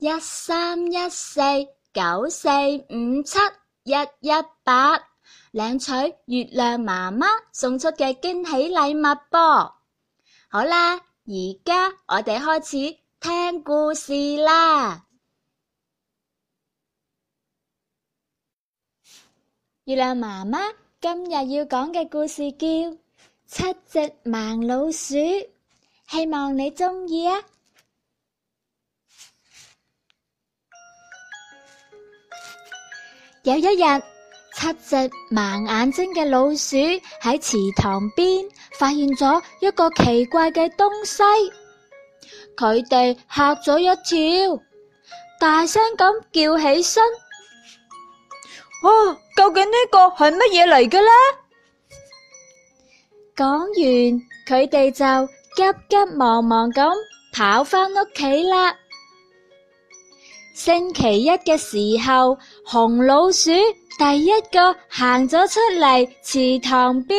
一三一四九四五七一一八，14, 7, 8，領取月亮媽媽送出嘅驚喜禮物啵！好啦，而家我哋開始聽故事啦。月亮媽媽今日要講嘅故事叫《七隻盲老鼠》，希望你鍾意啊！有一日，七隻盲眼睛嘅老鼠喺池塘邊發現咗一個奇怪嘅東西，佢哋吓咗一跳，大聲咁叫起身：哇！究竟呢個係乜嘢嚟嘅呢？講完，佢哋就急急忙忙咁跑翻屋企啦。星期一嘅時候，紅老鼠第一個行咗出嚟，池塘邊，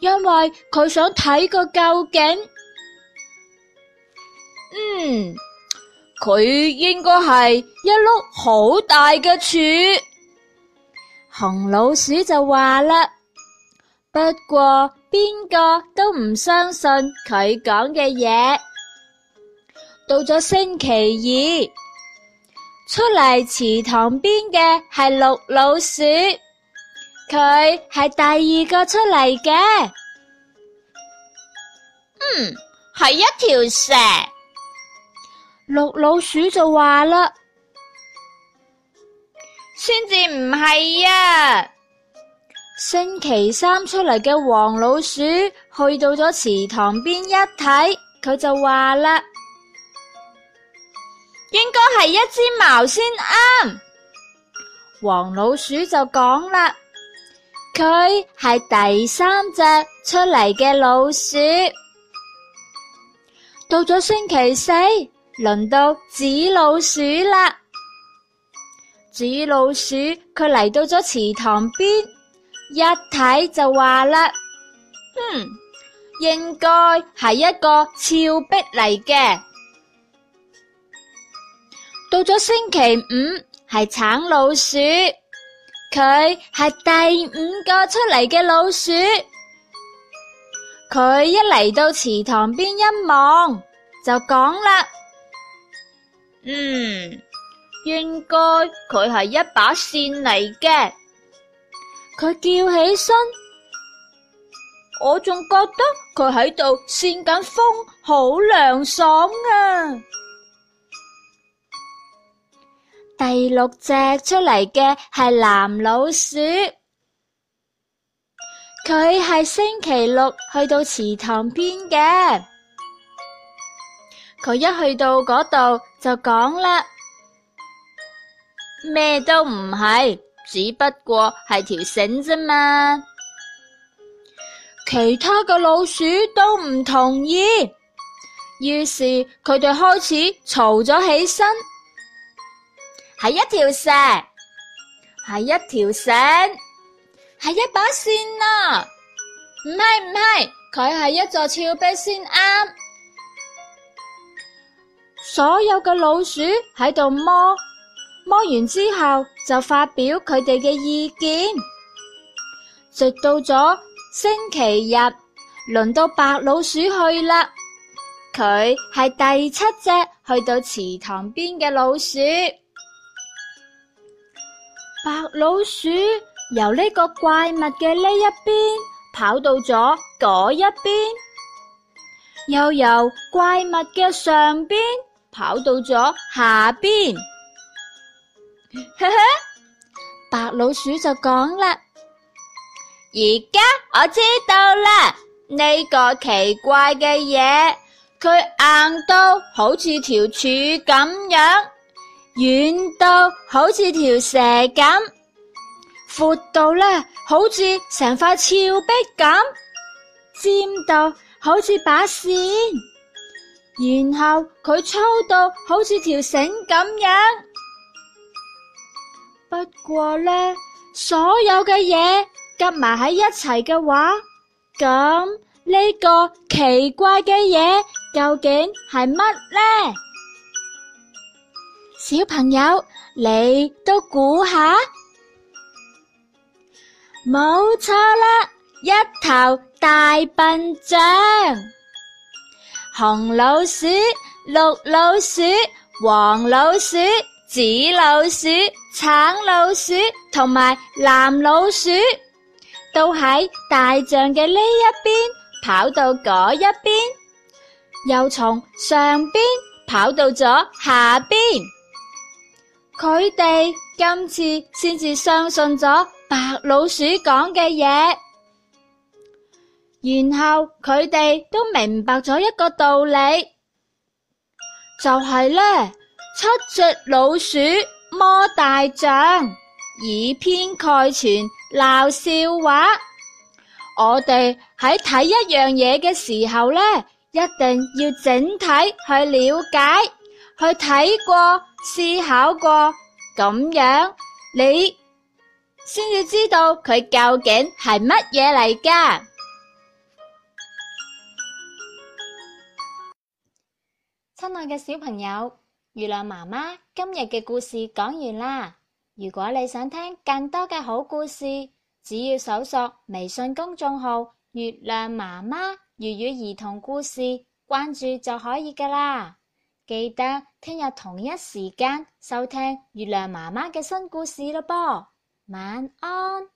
因為佢想睇個究竟。嗯，佢應該係一碌好大嘅柱。紅老鼠就話啦，不過邊個都唔相信佢講嘅嘢。到咗星期二。出嚟池塘邊嘅係綠老鼠，佢係第二個出嚟嘅。嗯，係一條蛇。綠老鼠就話啦，先至唔係啊。星期三出嚟嘅黃老鼠去到咗池塘邊一睇，佢就話啦。應該係一支矛先啱。黃老鼠就講啦，佢係第三隻出嚟嘅老鼠。到咗星期四，輪到紫老鼠啦。紫老鼠佢嚟到咗池塘邊，一睇就話啦，哼、嗯，應該係一個峭壁嚟嘅。到咗星期五，係橙老鼠。佢係第五個出嚟嘅老鼠。佢一嚟到池塘邊一望，就講啦，嗯，應該佢係一把扇嚟嘅。佢叫起身，我仲覺得佢喺度扇緊風，好涼爽啊！第六隻出嚟嘅係藍老鼠，佢係星期六去到池塘邊嘅。佢一去到嗰度就講啦，咩都唔係，只不過係條繩啫嘛。其他嘅老鼠都唔同意，於是佢哋開始嘈咗起身。係一條蛇！係一條繩！係一把線啊！唔係唔係，佢係一座峭壁先啱。所有嘅老鼠喺度摸摸完之後，就發表佢哋嘅意見，直到咗星期日，輪到白老鼠去啦。佢係第七隻去到池塘邊嘅老鼠。白老鼠由呢個怪物嘅呢一邊跑到咗嗰一邊，又由怪物嘅上邊跑到咗下邊。呵呵，白老鼠就講啦，而家我知道啦，呢個奇怪嘅嘢，佢硬到好似條柱咁樣，軟到好似條蛇咁，闊到咧好似成塊峭壁咁，尖到好似把線，然後佢粗到好似條繩咁樣。不過咧，所有嘅嘢夾埋喺一齊嘅話，咁呢個奇怪嘅嘢究竟係乜咧？小朋友，你都估下？冇錯啦，一頭大笨象，紅老鼠、綠老鼠、黃老鼠、紫老鼠、橙老鼠同埋藍老鼠，都喺大象嘅呢一邊跑到嗰一邊，又從上邊跑到咗下邊。佢哋今次先至相信咗白老鼠講嘅嘢，然後佢哋都明白咗一個道理，就係呢七隻老鼠摸大象，以偏概全鬧笑話。我哋喺睇一樣嘢嘅時候呢，一定要整體去了解，去睇過。思考過咁樣，你先至知道佢究竟係乜嘢嚟噶。親愛嘅小朋友，月亮媽媽今日嘅故事講完啦。如果你想聽更多嘅好故事，只要搜索微信公眾號“月亮媽媽粵語兒童故事”，關注就可以噶啦。記得聽日同一時間收聽月亮媽媽嘅新故事咯噃，晚安。